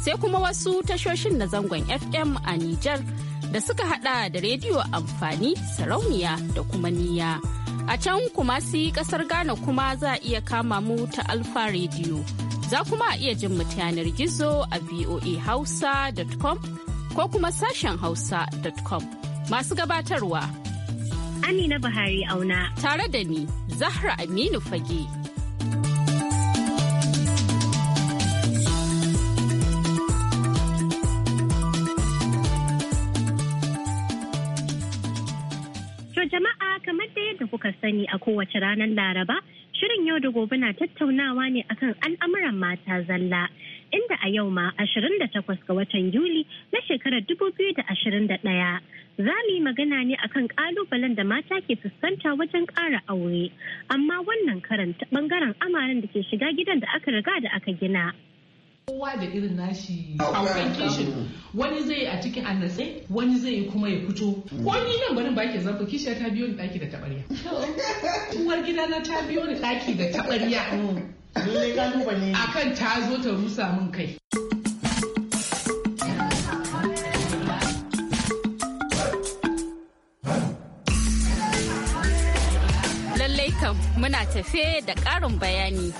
sai kuma wasu tashoshin na zangon FM a Nijar da suka hada da rediyo amfani sarauniya da kuma niya. A can kuma si kasar Ghana kuma za a iya kama mu ta Alfa rediyo Za kuma a iya jin yanar gizo a voahausa.com ko kuma sashen hausa.com. Masu gabatarwa. Amina Buhari auna. Tare da ni, Zahra Aminu Fage. jama'a kamar da yadda kuka sani a kowace ranar Laraba, shirin yau da gobe na tattaunawa ne akan al'amuran mata zalla. Inda a yau ma 28 ga watan Yuli na shekarar 2021 za mu yi magana ne akan kalubalen da mata ke fuskanta wajen ƙara aure. Amma wannan karanta bangaren amarin da ke shiga gidan da aka riga da aka gina. kowa da irin nashi akwai kishin wani zai yi a cikin annasai wani zai kuma ya fito Wani ni nan ba baki zafi kishiya ta biyo ni daki da tabarya uwar gidana ta biyo ni daki da tabarya akan ta zo ta rusa min kai muna tafe da ƙarin bayani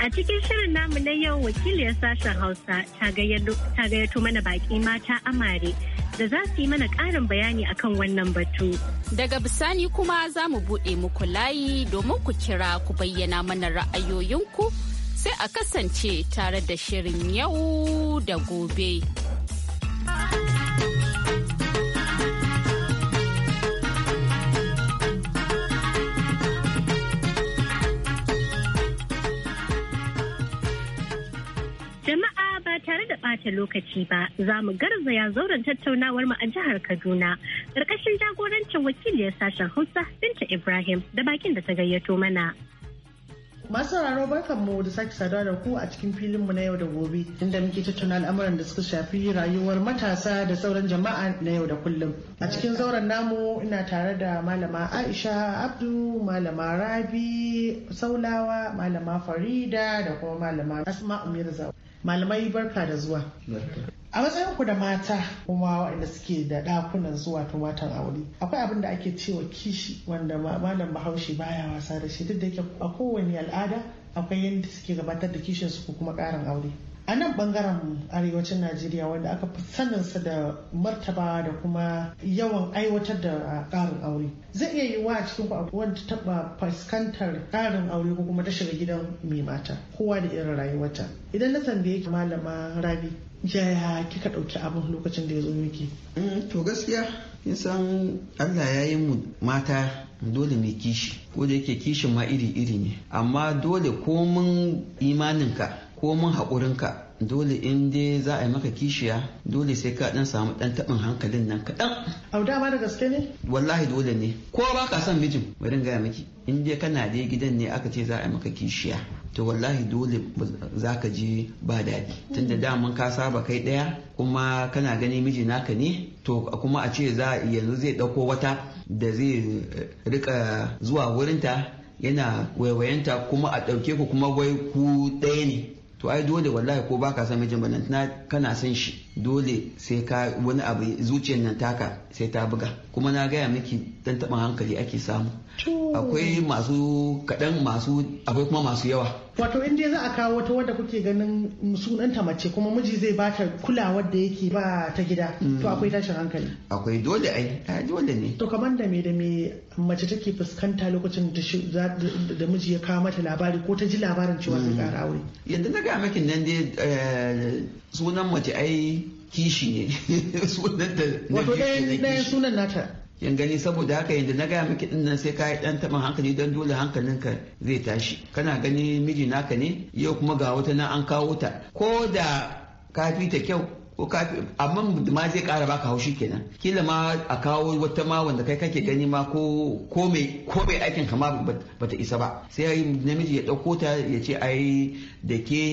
A cikin shirin namu na yau wakiliyar sashen Hausa ta gayyato mana baki mata amare da za su yi mana ƙarin bayani akan wannan batu. Daga bisani kuma za mu buɗe muku layi domin ku kira ku bayyana mana ra'ayoyinku sai a kasance tare da shirin yau da gobe. tare da ɓata lokaci ba za mu garzaya zauren tattaunawar mu a jihar Kaduna ƙarƙashin jagorancin wakiliyar sashen Hausa Binta Ibrahim da bakin da ta gayyato mana. Masu sauraro barkan mu da sake saduwa da ku a cikin filin mu na yau da gobe inda muke tattauna al'amuran da suka shafi rayuwar matasa da sauran jama'a na yau da kullum. A cikin zauren namu ina tare da malama Aisha Abdu, malama Rabi, Saulawa, malama Farida da kuma malama Asma Umir malamai barka da zuwa a matsayin ku da mata kuma waɗanda suke da ɗakunan zuwa ta watan aure akwai abin da ake cewa kishi wanda malam bahaushe baya wasa da shi duk da yake a kowane al'ada akwai yadda suke gabatar da kishin su ko kuma ƙarin aure a nan bangaren arewacin najeriya wanda aka fi saninsa da martaba da kuma yawan aiwatar da karin aure zai iya yi wa a cikin wanda taba fuskantar karin aure ko kuma ta shiga gidan mai mata kowa da irin rayuwata. idan na tambaye ki malama rabi yaya kika ɗauki abin lokacin da ya zo miki mm, to gaskiya kin san allah ya yi mu mata dole mai kishi ko da yake kishin ma iri iri ne amma dole komin imaninka ko mun haƙurinka dole in dai za a yi maka kishiya dole sai ka dan samu dan taɓin hankalin nan kaɗan. Au ba da gaske ne? Wallahi dole ne. Ko ba ka son mijin bari gaya miki in dai kana dai gidan ne aka ce za a yi maka kishiya to wallahi dole za ka ji ba daɗi tunda mm. daman ka saba kai ɗaya kuma kana gani miji naka ne to kuma a ce za yanzu zai ɗauko wata da zai eh, rika zuwa wurinta yana waiwayenta kuma a ɗauke ku kuma wai ku ɗaya ne to ai dole wallahi ko baka san mijin banan na kana san shi dole sai ka wani abu zuciyar nan taka sai ta buga kuma na gaya miki dan taban hankali ake samu akwai masu kaɗan masu akwai kuma masu yawa wato in dai za a kawo wata wadda kuke ganin sunanta mace kuma miji zai bata kulawar da yake ba ta gida to mm. akwai tashin hankali akwai dole ai dole ne to kamar da me da me mace take fuskanta lokacin da miji ya kawo mata labari ko ta ji labarin cewa zai kara mm. aure yadda na ga makin nan dai eh, sunan mace ai kishi ne sunan ta wato ɗayan sunan nata yan gani saboda haka yanda na gaya miki dinnan sai ka yi dan taba hankali don dole hankalinka zai tashi kana gani miji naka ne yau kuma ga wata nan an kawo ta ko da ka fi ta kyau ko kafi amma ma zai kara baka haushi kenan kila ma a kawo wata ma wanda kai kake gani ma ko ko mai aikin kama bata isa ba sai namiji ya dauko ta ya ce ai da ke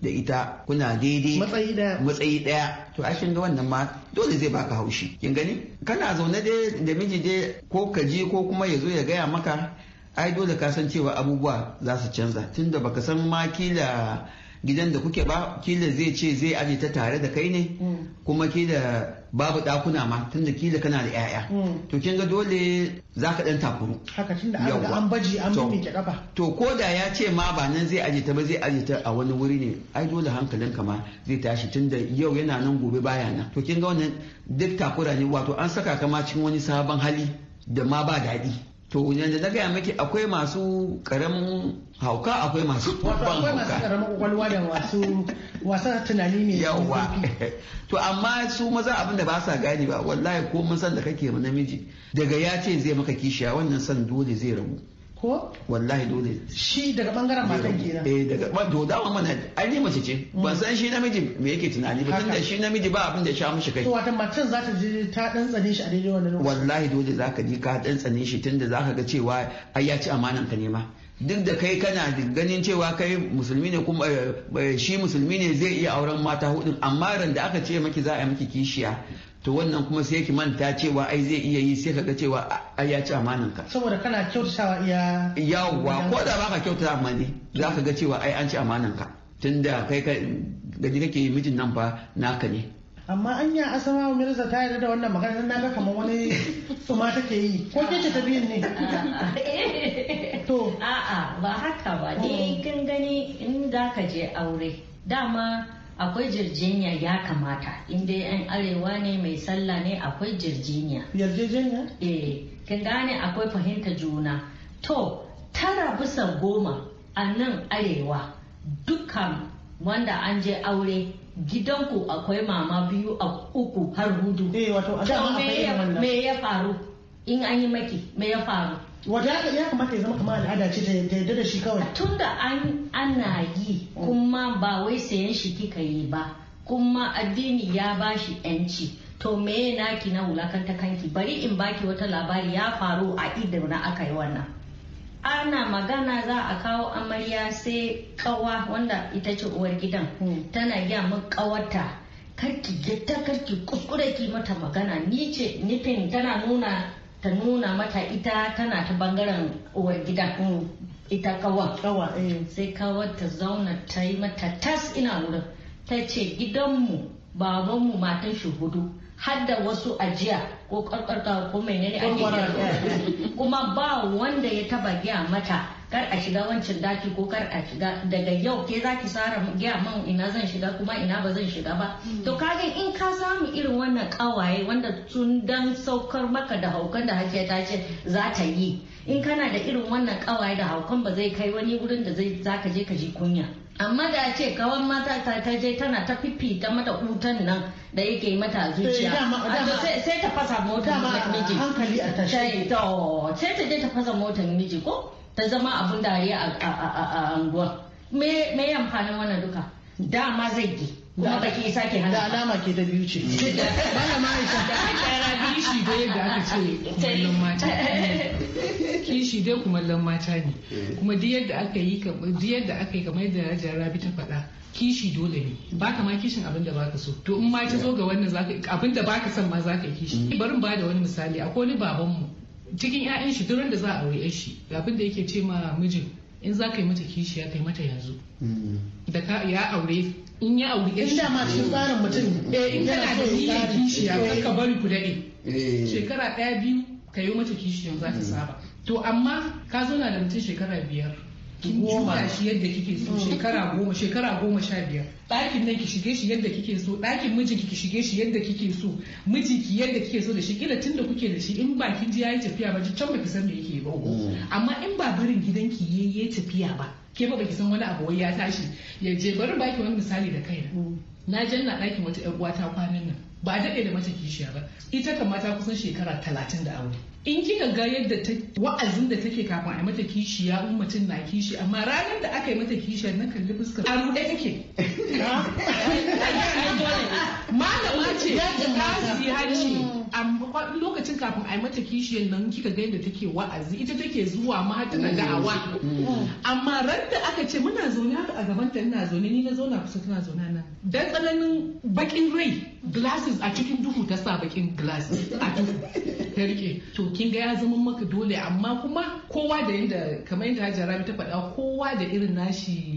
da ita kuna daidai matsayi daya matsayi daya to ashin ga wannan ma dole zai baka haushi kin gani kana zaune da miji dai ko ka je ko kuma ya zo ya gaya maka ai dole ka san cewa abubuwa za su canza tunda baka san ma kila gidan da kuke ba kila zai ce zai aje ta tare da kai ne mm. kuma kila babu dakuna ma tunda kila kana da yaya mm. to kin ga dole za ka dan takuru haka tunda an ga an baji an ke kafa to ko da ya ce ma ba nan zai aje ta ba zai aje ta a wani wuri ne ai dole hankalin ka ma zai tashi tunda yau yana nan gobe baya nan to kin ga wannan duk takura ne wato an saka ka ma cikin wani sabon hali da ma ba daɗi to yanzu na gaya maki akwai masu karamin hauka akwai masu babban hauka akwai masu karamin kwakwalwa da masu wasa tunani ne yawa to amma su maza abin da ba sa gane ba wallahi ko mun san da kake namiji daga ya ce zai maka kishiya wannan san dole zai rabu ko wallahi dole shi daga bangaren matan kenan eh daga ba to da mana ai ne mace ce ban san shi namiji me yake tunani ba tunda shi namiji ba abin da ya sha mishi kai to wata macen za ta je ta dan tsane shi a daidai wannan lokaci wallahi dole zaka ji ka dan tsane shi tunda zaka ga cewa ai ya ci amanan ka ne ma duk da kai kana ganin cewa kai musulmi ne kuma eh, eh, shi musulmi ne zai iya auren mata hudu amma ran da aka ce maki za a yi maki kishiya to wannan kuma sai ki manta cewa ai zai iya yi sai kaga cewa ai ya ci amanan ka saboda kana kyautatawa iya yawwa ko da baka kyautata amma ne za ka ga cewa ai an ci amanan ka tunda kai ka gaji kake mijin nan fa naka ne amma anya asama mirza ta yarda da wannan magana nan ga kamar wani tsuma take yi ko ke ta biyan ne to a'a ba haka ba ni oh. kin gani in za ka je aure dama akwai jirjeniya ya kamata inda yan arewa ne mai sallah ne akwai jirjeniya yarjejeniya eh kin gane akwai fahimta juna to tara bisa goma a nan arewa dukkan wanda an je aure gidanku akwai mama biyu a uku har hudu eh wato a me ya faru in an yi maki me ya faru wata ya kamata ya zama kamar al'ada ce ta yadda da shi kawai tunda an ana yi kuma ba wai sayan shi kika yi ba kuma addini ya ba shi yanci to me naki na wulakanta kanki bari in baki wata labari ya faru a idan na aka yi wannan ana magana za a kawo amarya sai kawa wanda ita ce uwar gidan hmm. tana gya min kawarta karki gita karki kuskure ki mata magana ni ce nufin tana nuna ta nuna mata ita tana ta bangaren uwar gida ita kawa kawa eh. sai kawar ta zauna ta yi mata tas ina wurin ta ce gidanmu babanmu matan shi hudu hadda wasu ajiya ko karkarka ko menene ake eh. kuma ba wanda ya taba giya mata kar a shiga wancan daki ko kar a shiga daga yau ke za ki tsara gaya man ina zan shiga kuma ina ba zan shiga ba hmm. to kage in ka samu irin wannan kawaye wanda tun dan saukar maka da haukan da hake ta ce za ta yi in kana da irin wannan kawaye da haukan ba zai kai wani wurin da zai zaka je ka ji kunya amma da ce kawan mata ta ta je tana ta fifita mata hutan nan da yake mata zuciya eh, sai ta fasa motar miji hankali a tashi eh, sai ta je ta fasa motar miji ko ta zama abun dariya a anguwa me amfanin wannan duka dama zai yi kuma baki ke hana da alama ke da biyu ce bana ma isa da kara kishi dai da aka ce kumallon mata kishi dai kumallon mata ne kuma duk yadda aka yi duk yadda aka yi kamar yadda jarabi ta faɗa kishi dole ne baka ma kishin abin da baka so to in ma ta zo ga wannan zaka abin da baka son ma zaka kishi bari ba da wani misali akwai wani babanmu cikin 'ya'yan shi duk da za a aure shi abin da yake ce ma mijin in za ka yi mata kishiya ka yi mata yanzu mm. da ka ya aure in ya aure ya shi ma cikin tsarin mutum eh in kana da niyyar kishiya ka bari ku dade eh. shekara daya biyu ka yi mata kishiyan za ta mm. saba to amma ka zo na da mutum shekara biyar kin juya shi yadda kike so mm. shekara goma shekara goma sha biyar ɗakin nan ki shige shi yadda kike so ɗakin mijin ki shige shi yadda kike so miji ki yadda kike so da shi kila tunda kuke da shi in ba kin ji yayi tafiya ba can ba ki san me yake ba mm. amma in ba barin gidanki yayi tafiya ba ke ba baki san wani abu wai ya tashi ya je bari baki wani misali da kaina mm. na janna ɗakin wata ƴar uwa ta kwanan nan ba daɗe da mata kishiya ba ita kamata kusan shekara talatin da aure in kika ga yadda ta wa'azin da take kafin a mata kishiya in mutum na kishi amma ranar da aka yi mata kishiya na kalli fuskar a ruɗe take malama ce ta siya lokacin kafin a yi mata kishiyar nan kika ga yadda take wa'azi ita take zuwa ma tana mm. da'awa mm. amma randa aka ce muna zaune a gaban ta ina zaune ni na zauna kusa tana zauna nan dan tsananin bakin rai glasses a cikin duhu ta sa bakin glasses a duhu ta rike to kin ga ya zama maka dole amma kuma kowa da yadda kamar yadda Rabi ta faɗa kowa da irin nashi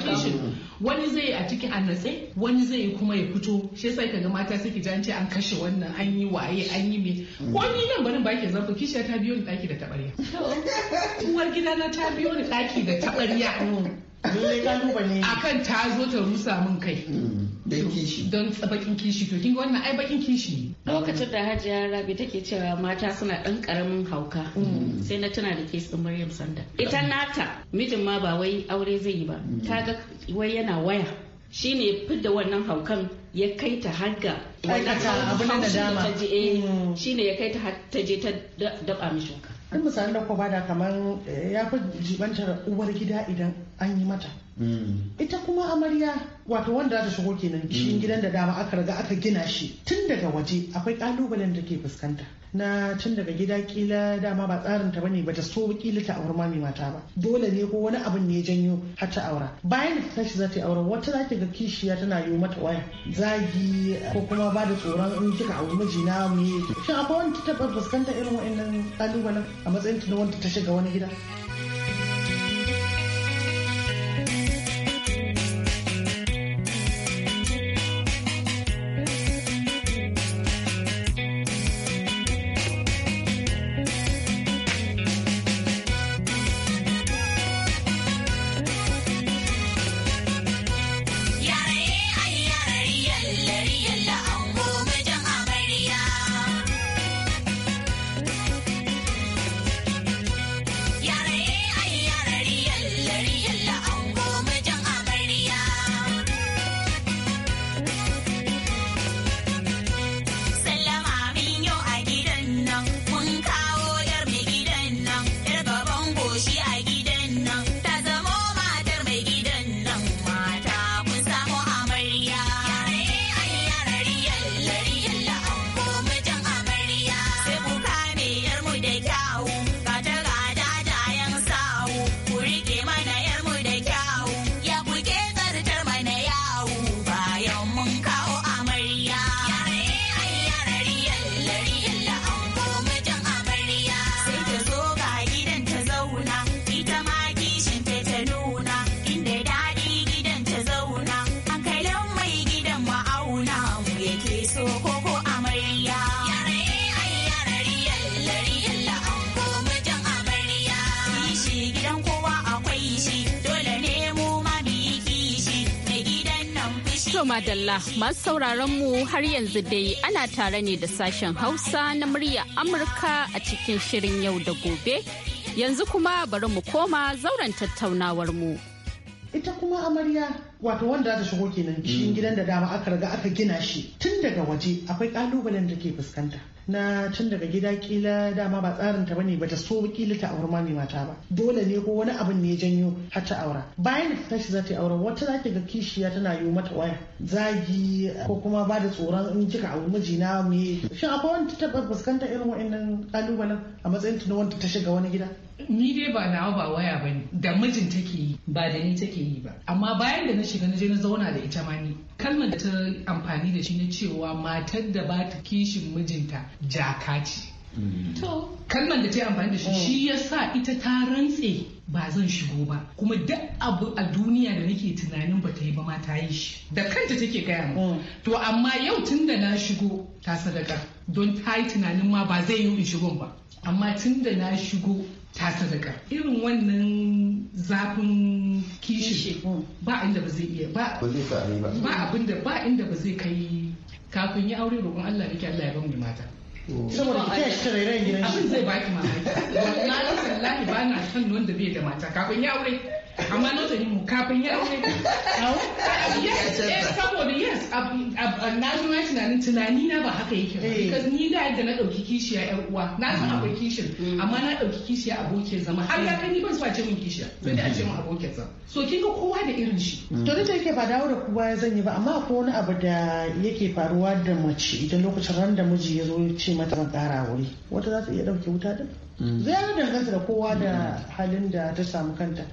kishin wani zai a cikin natse, wani zai kuma ya fito shi yasa ga mata suke jan ce an kashe wannan an yi waye an yi me ko ni nan ba baki zambo kishiya ta biyo ni daki da tabarya uwar gida na ta biyo ni daki da tabarya akan ta zo ta rusa min kai don kishi don bakin kishi to kinga wannan ai bakin kishi lokacin da hajiya rabi take cewa mata suna dan karamin hauka hmm. sai na tuna da kesin maryam sanda ita nata mijin ma ba wai aure zai yi ba ta ga wai yana waya Shi ne fidda wannan haukan ya kai ta har ga da eh, mm. ya kai ta ta je ta daba duk misali da ko bada kamar eh, ya fi jibantar uwar gida idan an yi mata mm. ita kuma amarya wato wanda za ta shigo kenan cikin mm. gidan da dama aka riga aka gina shi tun daga waje akwai kalubalen da ke fuskanta na tun daga gida kila dama ba tsarin ta bane ba ta so kila ta aure ma mai mata ba dole ne ko wani abin ne ya janyo har ta aura bayan da ta tashi za ta yi aure, wata za ta ga kishiya tana yi mata waya zagi ko kuma ba da tsoron in kika na mijina me shin akwai wani ta taba fuskantar irin wa'annan kalubalen a matsayin ta na wanda ta shiga wani gida Madalla masu sauraron mu har yanzu dai ana tare ne da sashen Hausa na murya Amurka a cikin shirin yau da gobe. Yanzu kuma bari mu koma zauren tattaunawar mu. Ita kuma amarya wato wanda za ta shigo kenan cikin mm. gidan da dama aka riga aka gina shi tun daga waje akwai kalubalen da ke fuskanta na tun daga gida kila dama ba tsarin ta bane bata so kila ta aure mai mata ba dole ne ko wani abin ne janyo har ta aura bayan da tashi za ta aure wata zaki ga kishiya tana yi mata waya zagi ko kuma ba da tsoron in kika aure mijina me shin akwai wanda ta taba fuskanta irin wa'annan kalubalen a matsayin ta wanda ta shiga wani gida ni dai ba nawa ba waya bane da mijin take yi ba da ni take yi ba amma bayan da na shiga na je na zauna da ita ma ni kalmar da ta amfani da shi na cewa matar da ba ta kishin mijinta jaka ce mm. to kalmar da ta yi amfani da shi shi ya sa ita ta rantse ba zan shigo ba kuma duk abu a duniya da nake tunanin ba ta yi ba ma ta yi shi da kanta take gaya mu mm. to amma yau tun da na shigo ta sadaka don ta yi tunanin ma ba zai yi in shigon ba amma tun da na shigo ta sadaka irin wannan zafin kishi mm. ba inda ba zai iya ba abinda ba inda ba zai kai kafin yi aure roƙon Allah yake Allah ya bamu mata saboda ki tashi tare ran gidan shi abin zai baki mamaki wallahi ba na san wanda bai da mata kafin ya aure amma not mu kafin ya aure yes eh, saboda yes na zo na tunanin tunani na ba haka yake ba eh. because ni da yadda na dauki kishiya yar uwa na san mm. akwai kishin mm. amma na dauki kishiya abokin zama har ya kai ban so a ce min kishiya sai dai a ce min abokin zama mm. so kin ga kowa da irin shi to da yake ba dawo da kowa ya zanyi ba amma akwai wani abu da yake faruwa da mace idan lokacin ran da miji ya zo ya ce mata ban kara wuri wata za ta iya dauke wuta din zai danganta da kowa da halin da ta samu kanta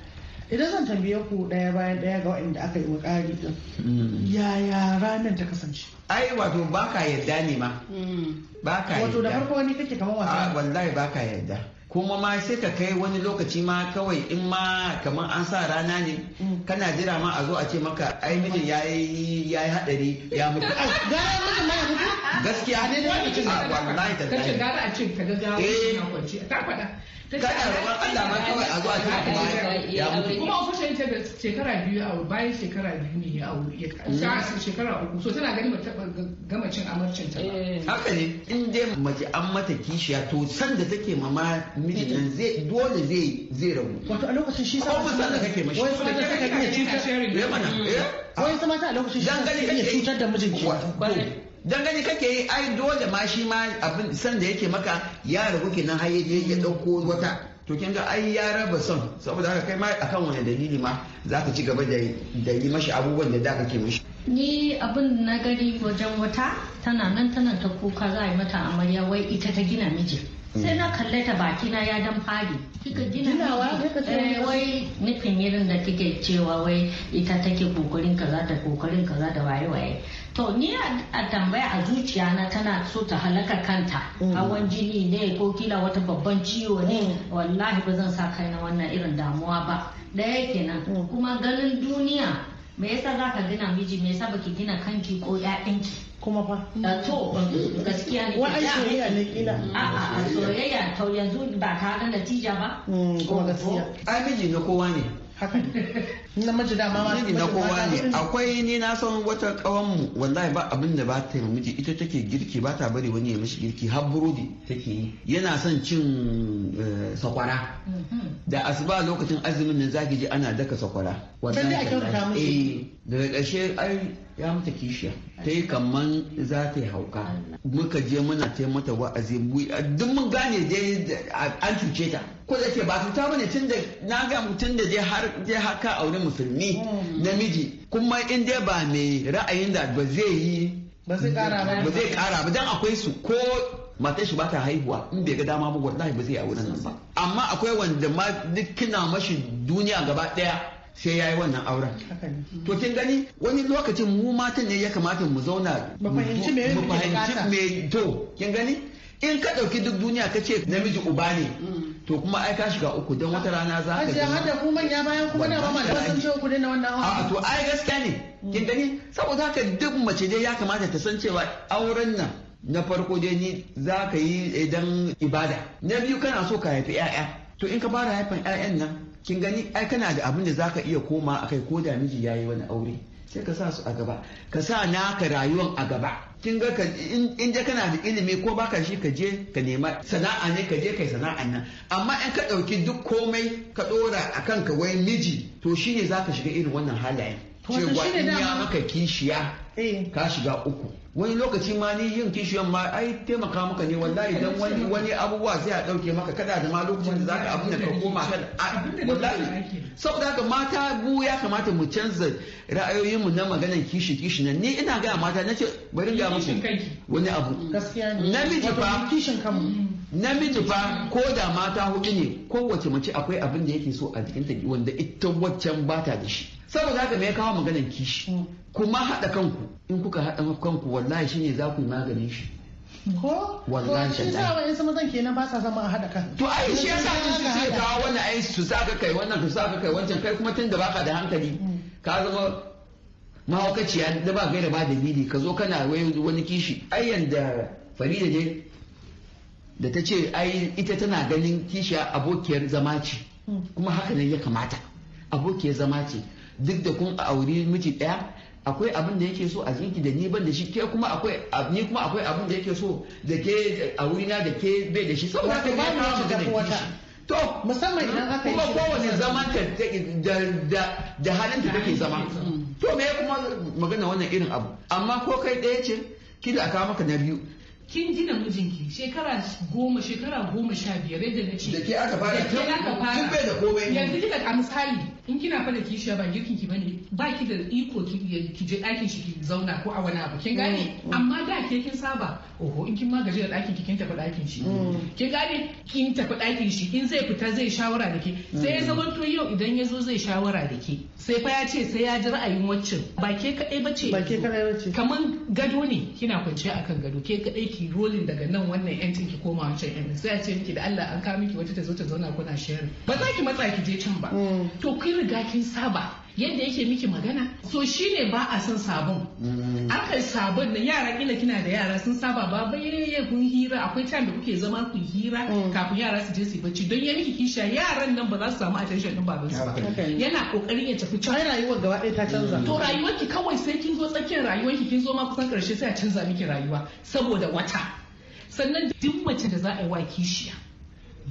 idan zan tambaye ku daya bayan daya ga waɗanda aka yi wa kari din mm. yaya ranar ta kasance ai wato baka yadda ne ma mm. baka yadda wato da farko wani kake kamar wasa ah, wallahi baka yadda kuma ma sai ka kai wani lokaci ma kawai in ma kamar an sa rana ne mm. kana jira ma a zo a ce maka ai mijin ya yi hadari ya mutu gaskiya ne da ah, wallahi da ta ce gara a ce ka ga eh. kwanci ta faɗa kana roƙon Allah ma kawai a zuwa ta kuma ya mutu kuma ofishin ta shekara biyu a bayan shekara biyu ne ya aure ya shekara uku so tana gani ba ta gama cin amarcin ta eh. haka ne in dai mace an mata kishiya to san da take mama mijin zai dole zai zai rabu wato a lokacin shi sa ko san da kake mashi wai san da kake iya cutar da mana wai san mata a lokacin shi sa iya cutar da mijin mijinki dan gani kake yi ai dole ma shi ma abin san da yake maka ya rabu kenan har yaje ya dauko wata to kin ga ai ya raba son saboda haka kai ma akan wani dalili ma zaka ci gaba da yi mashi abubuwan da da kake mashi ni abin na gari wajen wata tana nan tana ta kuka za a yi mata amarya wai ita ta gina miji Mm. sai na kalle ta baki na ya dan fadi kika gina eh, wai nufin irin da kike cewa wai ita take kokarin kaza da kokarin kaza da waye waye to ni a tambaya a zuciya na tana so ta halaka kanta mm. hawan jini ne ko kila wata babban ciwo ne mm. wallahi ba zan sa kai na wannan irin damuwa ba daya kenan kuma ganin duniya me yasa za ka gina miji me yasa baki gina kanki ko ƴaƴanki kuma fa to gaskiya ne wa soyayya ne kila a a soyayya to yanzu ba ka ga natija ba mm, kuma gaskiya ai miji na kowa ne haka ne namiji dama ma na kowa ne akwai ni na san wata kawan mu wallahi ba abin da ba ta yi miji ita take girki ba ta bari wani ya mishi girki har burodi take yi yana son cin eh, sakwara mhm. da asuba lokacin azumin nan zaki ji ana daka sakwara wallahi a kyautata mishi eh, daga ƙarshe ai ya mata kishiya ta yi kaman za ta yi hauka muka je muna ta mata wa'azi duk mun gane dai an cuce ta ko da ke ba ta bane tun da na ga mutum da je har ka aure wani musulmi namiji kuma in dai ba mai ra'ayin da ba zai yi ba zai kara ba dan akwai su ko matan shi ba ta haihuwa in bai ga dama ba wallahi ba zai yi wannan nan ba amma akwai wanda ma kina mashi duniya gaba daya sai yayi wannan auren. To kin gani wani lokacin mu matan ne ya kamata mu zauna mu fahimci me to kin gani in ka ɗauki duk duniya ka ce namiji uba ne mm. to kuma ai ka shiga uku don wata rana za ka ga hada ku manya bayan kuma na ba malaman sun ce uku dinga wannan hawa a to ai gaskiya ne kin gani saboda haka duk mace dai ya kamata ta san cewa auren nan na farko dai ni za ka yi idan eh, ibada na biyu kana so ka haifi 'ya'ya to in ka fara haifan 'ya'yan nan kin gani ai kana da abin da za ka iya koma akai ko da miji yayi wani aure sai ka sa su a gaba ka sa naka rayuwan a gaba kin ga ka in je kana da ilimi ko baka shi ka je ka nema sana'a ne ka je kai sana'a nan amma in ka ɗauki duk komai ka ɗora a kanka wai miji to shine zaka shiga irin wannan halayen cewa in ya maka kishiya Eh. ka shiga uku wani lokaci ma ni yin kishiyan ma ai taimaka maka ne wallahi dan wani wani abubuwa zai a dauke maka kada da ma lokacin da zaka abin da ka koma kan wallahi saboda haka mata bu ya kamata mu canza ra'ayoyin mu na maganar kishi kishi nan ni ina ga mata nace bari ga muku wani abu gaskiya ne namiji fa kishin kanmu namiji fa ko da mata hudu ne kowace mace akwai abin da yake so a jikinta wanda ita waccan bata da shi saboda haka me ya kawo maganar kishi mm. kuma haɗa kanku in kuka haɗa kanku wallahi shine za ku yi maganin shi ko wallahi shi da wani sama zan kenan ba sa zama a hada kan to ai shi yasa ne su ce kawo wannan ai su saka kai wannan su saka kai wancan kai kuma tunda baka da hankali mm. ka zama mahaukaciya da ba gaira ba dalili ka zo kana wani kishi ai yanda farida ne da ta ce ai ita tana ganin kisha abokiyar zama ce hmm. kuma haka ne ya kamata abokiyar zama ce duk da kun auri miji ɗaya akwai abin da yake so a jinki da ni ban da shi ke kuma akwai ni kuma akwai abin da yake so da ke a wurina da ke bai da shi saboda ka ba ni shi da wata to musamman idan aka yi kuma kowane zaman ta da da halin ta take zama hmm. to me kuma magana wannan irin abu amma ko kai ɗaya ce kila aka maka na biyu kin gina mijinki shekara goma shekara goma sha biyar yadda na ce da ke aka fara ke da komai yanzu kika a misali in kina fada kishiya ba girkin ki bane ba ki da iko ki je ɗakin shi ki zauna ko a wani abu kin gane mm, mm. amma da ke kin saba oho in kin ma da ɗakin ki kin tafi ɗakin shi mm. kin gane kin tafi ɗakin shi in zai fita zai shawara da ke sai ya zama to yau idan ya zo zai shawara da ke sai fa ya ce sai ya ji ra'ayin waccan ba ke kaɗai ba ce ba ke kaɗai ba ce kamar gado ne kina kwance akan gado ke kaɗai ki rolin daga nan wannan yancin ki koma wancan yancin sai a ce miki da Allah an kawo miki wata ta zo ta zauna kuna sharing ba za ki matsa ki je can ba mm. to kin riga kin saba yadda yake miki magana so shine ba a son sabon mm. kai sabon na yara kila kina da yara sun saba ba bayyane kun hira akwai time da kuke zama kun hira mm. kafin yara su je su bacci don ya miki kisha yaran nan ba za su samu attention din baban su ba yana kokarin ya tafi can rayuwar gaba ɗaya ta canza to rayuwar ki kawai sai kin zo tsakiyar rayuwar ki kin zo ma kusan karshe sai a canza miki rayuwa saboda wata sannan duk mace da za a yi wa kishiya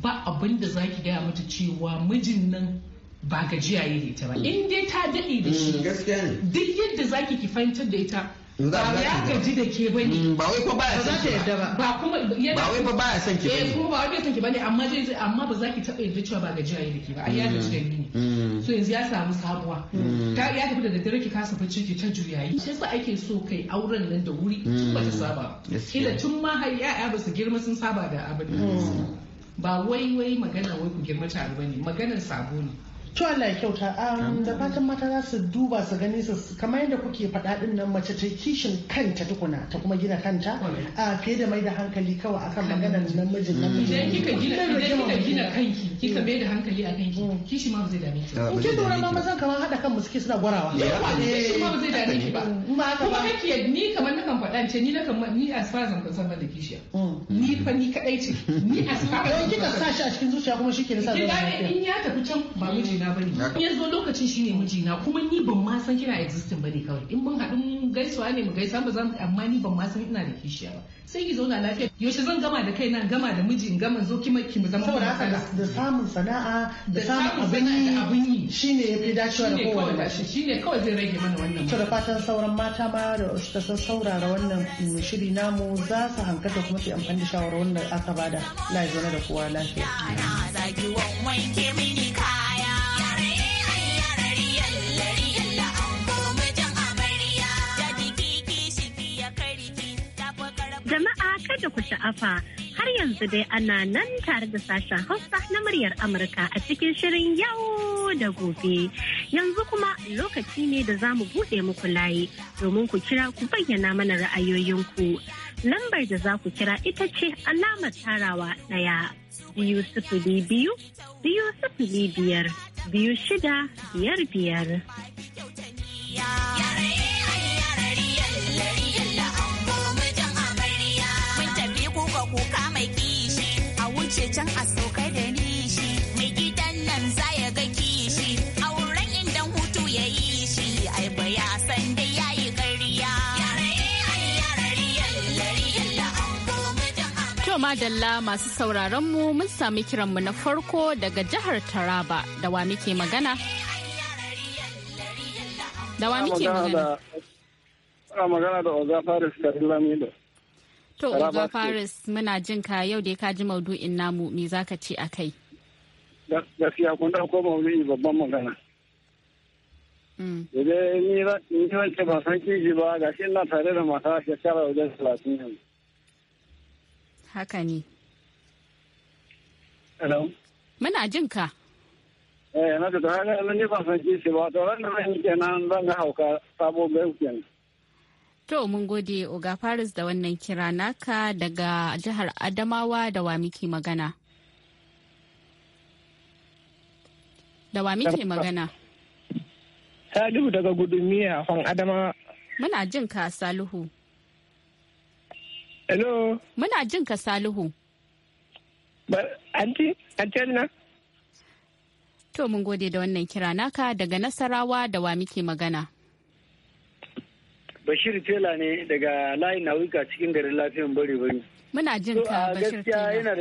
ba abin da za ki gaya mata cewa mijin nan ba gajiya yi da ita ba mm. in dai ta daɗe da shi mm, duk yadda zaki ki fahimtar da ita ba ya gaji da ke ba ne. Mm, ba wai ko baya son ki ba ba kuma ba wai ba baya son ki ba eh kuma ba wai bai son ki ne amma zai amma ba za ki taɓa yadda cewa ba gajiya yi da ke ba ai ya gaji da ni ne so yanzu ya samu sabuwa ta ya tafi da daddare ki kasa bacci ki ta yi shi yasa ake so kai auren nan da wuri tun ba ta saba kila tun ma har ya'ya ba su girma sun saba da abin ba wai wai magana wai ku girma tare ne maganar sabo ne to Allah ya kyauta da fatan mata za su duba su gani su kamar yadda kuke faɗa din nan mace ta kishin kanta tukuna ta kuma gina kanta a fiye da mai da hankali kawai akan maganar namijin mm. namiji idan kika gina idan kika gina kanki kika mai da hankali a kanki mm. kishi ma zai dame ki ba kin dora ma mazan kamar hada kan suke suna gwarawa eh. kishi ma zai dame ki ba mm, kuma kake ni kamar kan faɗa ce ni kan ni as far as an san da kishi ni fa ni kadai ce ni as far as kika sa shi a cikin zuciya kuma shi ke da in ya tafi can ba miji mijina bane ya zo lokacin shine mijina kuma ni ban ma san kina existing bane kawai in mun haɗu mun gaisuwa ne mu gaisa ba zan amma ni ban ma san ina da kishiya ba sai ki zauna lafiya yaushe zan gama da kaina gama da miji gama zo kima ki mu zama saboda haka da samun sana'a da samun abin yi shine yafi dacewa da kowa da shi shine kawai zai rage mana wannan to da fatan sauran mata ma da ta san saurara wannan shiri namu za su hankata kuma su amfani da shawarwarin wanda aka bada lafiya zaune da kowa lafiya. da ku sha'afa har yanzu dai ana nan tare da sashen Hausa na muryar Amurka a cikin shirin yau da gobe. Yanzu kuma lokaci ne da za mu buɗe muku layi domin ku kira ku bayyana mana ra'ayoyinku. Lambar da za ku kira ita ce alamar tarawa ɗaya biyu sifili biyu biyu sifili biyar biyu shida biyar biyar. kuka mai kishi a wuce can a saukai da nishi mai gidan nan za ya ga kishi auren inda hutu ya yi shi ai ba ya san dai ya yi ƙarya ma madalla masu sauraron mu mun sami kiran mu na farko daga jihar Taraba da wa muke magana? Da wa muke magana? Ana magana da Oga Faris Karilamido. To Uba Faris muna jin ka yau da ka ji maudu'in namu me zaka ce a kai? Gaskiya kun ko maudu'i babban magana. Mm. Da ni zan ce ba san kiji ba ga shi na tare da mata shekara wajen talatin yau. Haka ne. Hello. Muna jin ka. Eh na ta haka ni ba san kiji ba to ran da zan kenan zan ga hauka sabo bai kenan. To mun gode Oga Faris da wannan kira naka daga jihar Adamawa da wa miki magana. Da wa muke magana? Salihu daga Gudumiya, Hon Adamawa. Muna jin ka Salihu. Hello. Muna jin ka Salihu. Anti, anti na? To mun gode da wannan kira naka daga Nasarawa da wa muke magana. Bashir Tela ne daga layin nauyuka cikin garin lafiyan bari bari. Muna jin ka Bashir Tela.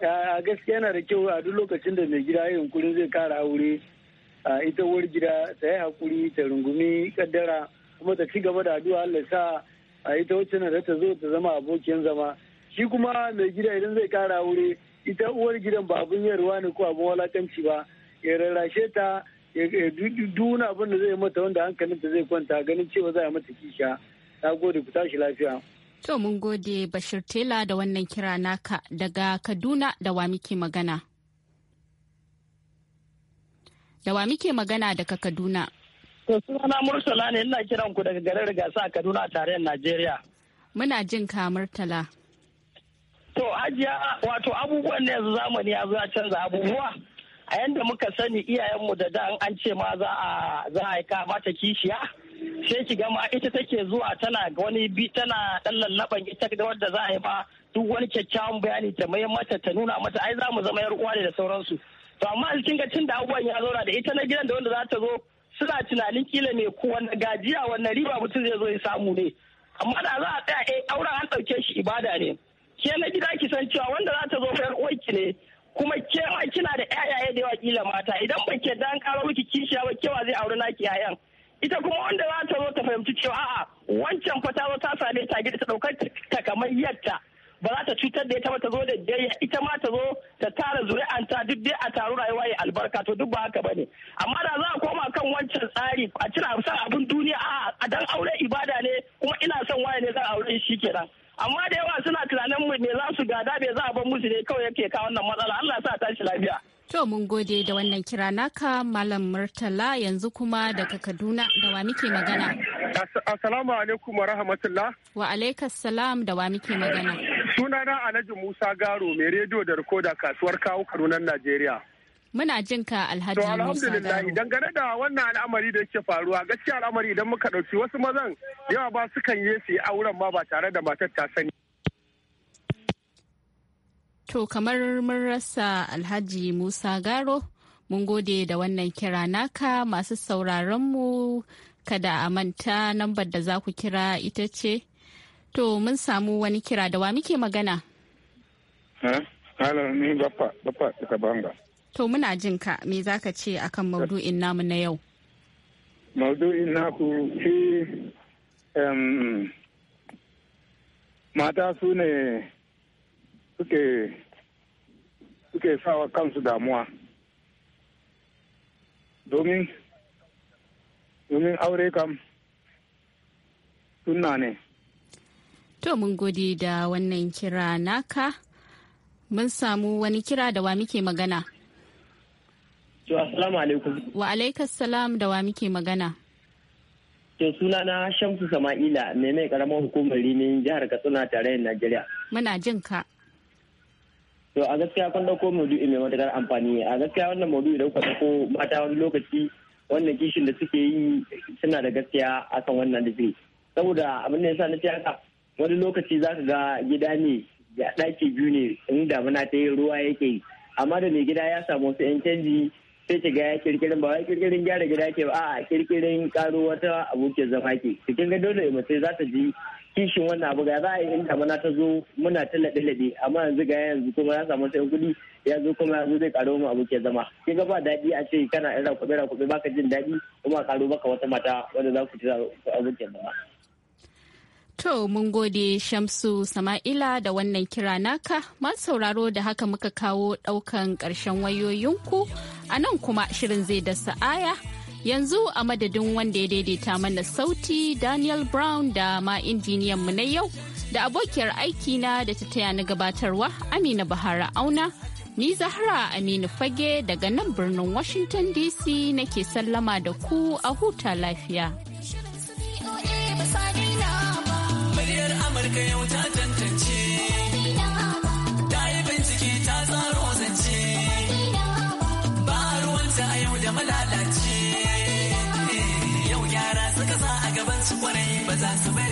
a gaskiya yana da kyau a duk lokacin da mai gida ya yunkurin zai kara aure a ita uwar gida ta yi hakuri ta rungumi kaddara kuma ta ci gaba da addu'a Allah sa a ita wacce da ta zo ta zama abokin zama shi kuma mai gida idan zai kara aure ita uwar gidan ba abun yarwa ne ko abun walakanci ba ya rarrashe ta Eh, Duna abin da zai mata wanda hankalin hankalinta zai kwanta ganin cewa za a mata kisha na gode ku tashi lafiya to mun gode bashir tela da wannan kira naka daga kaduna da wa muke magana da wa muke magana daga kaduna to sunana murtala ne ina kiran ku daga garin gasa a kaduna a tarayyar najeriya muna jin ka murtala to ajiya wato abubuwan ne yanzu zamani ya zo ya canza abubuwa a yanda muka sani iyayenmu da da an ce ma za a za a ka mata kishiya sai ki gama ita take zuwa tana wani bi tana dan lallaban ita da wanda za a yi ba duk wani kyakkyawan bayani ta mai mata ta nuna mata ai za mu zama yar uwa ne da sauransu to amma a kinga tun da abubuwan ya zauna da ita na gidan da wanda za ta zo suna tunanin kila ne ko wanda gajiya wannan riba mutum zai zo ya samu ne amma da za a tsaya eh auren an ɗauke shi ibada ne ke na gida ki san cewa wanda za ta zo fa yar uwarki ne kuma kewa kina da 'ya'ya da yawa kila mata idan ba ke dan karo miki kishiya ba kewa zai auri naki yayan. ita kuma wanda za ta zo ta fahimci cewa a'a wancan fa ta zo ta same ta gida ta daukar ta kamar yadda ba za ta cutar da ita ba ta zo da dai ita ma ta zo ta tara zuri'anta duk dai a taro rayuwa ya albarka to duk ba haka bane amma da za a koma kan wancan tsari a cire son abin duniya a dan aure ibada ne kuma ina son waye ne zan aure shi kenan amma da yawa suna tunanin mu ne za su gada bai za a bar musu ne kawai yake kawo wannan matsala Allah sa tashi lafiya to mun gode da wannan kira naka malam murtala yanzu kuma daga kaduna da wa muke magana assalamu alaikum wa rahmatullah wa alaikas salam da wa muke magana sunana alhaji musa garo mai rediyo da rikoda kasuwar kawo kanunan najeriya Muna jin ka Alhaji Musa. To alhamdulillah dangane da wannan al'amari da yake faruwa gaskiya al'amari idan muka dauki wasu mazan yawa ba su kan yi su auren ma ba tare da matar ta sani. To kamar mun rasa Alhaji Musa Garo mun gode da wannan kira naka masu mu kada a manta nambar da za ku kira ita ce. To mun samu wani kira da wa muke magana? Halo eh, ni bappa bappa daga banga. To muna jin ka me za ka ce akan maudu'in namu na yau? Maudu'in naku shi mata su ne suke sawa kansu damuwa. Domin domin aure kam suna ne. To mun gode da wannan kira naka. Mun samu wani kira da wa muke magana. To assalamu alaikum. Wa alaikas salam da wa muke magana. To suna na Shamsu Sama'ila mai mai karamar hukumar rinin jihar Katsina tarayyar Najeriya. Muna jin ka. To a gaskiya kun dauko maudu'i mai matakar amfani a gaskiya wannan maudu'i da kuka dauko mata wani lokaci wannan kishin da suke yi suna da gaskiya akan wannan da zai. Saboda abin da sa na ce haka wani lokaci za ka ga gida ne ya ɗaki biyu ne in damuna ta yi ruwa yake amma da mai gida ya samu wasu 'yan canji sai ki ga kirkirin ba wai kirkirin gyara gida ke ba a kirkirin karo wata abokin zama ke cikin ga dole mace za ta ji kishin wannan abu ga za a yi in mana ta zo muna ta laɗe laɗe amma yanzu ga yanzu kuma ya samu sai kuɗi ya zo kuma yanzu zai karo mu abokin zama kin ga ba daɗi a ce kana ira kuɗi ra ba baka jin daɗi kuma karo baka wata mata wanda za ku ci abokin zama. To mun gode Shamsu Sama'ila da wannan kira naka masu sauraro da haka muka kawo ɗaukan ƙarshen wayoyinku a nan kuma shirin zai da sa'aya yanzu a madadin wanda ya daidaita mana sauti Daniel Brown da ma injiniyan mu na yau da abokiyar aiki na da ta taya na gabatarwa Amina Bahara Auna. Ni Zahra Aminu Fage daga nan birnin Washington DC nake sallama da ku a huta lafiya. haka yau ta tantance ta yi bincike ta tsaro zance ba a ruwanta a yau da malalace yau gyara suka sa a gaban su kwarai ba za su bai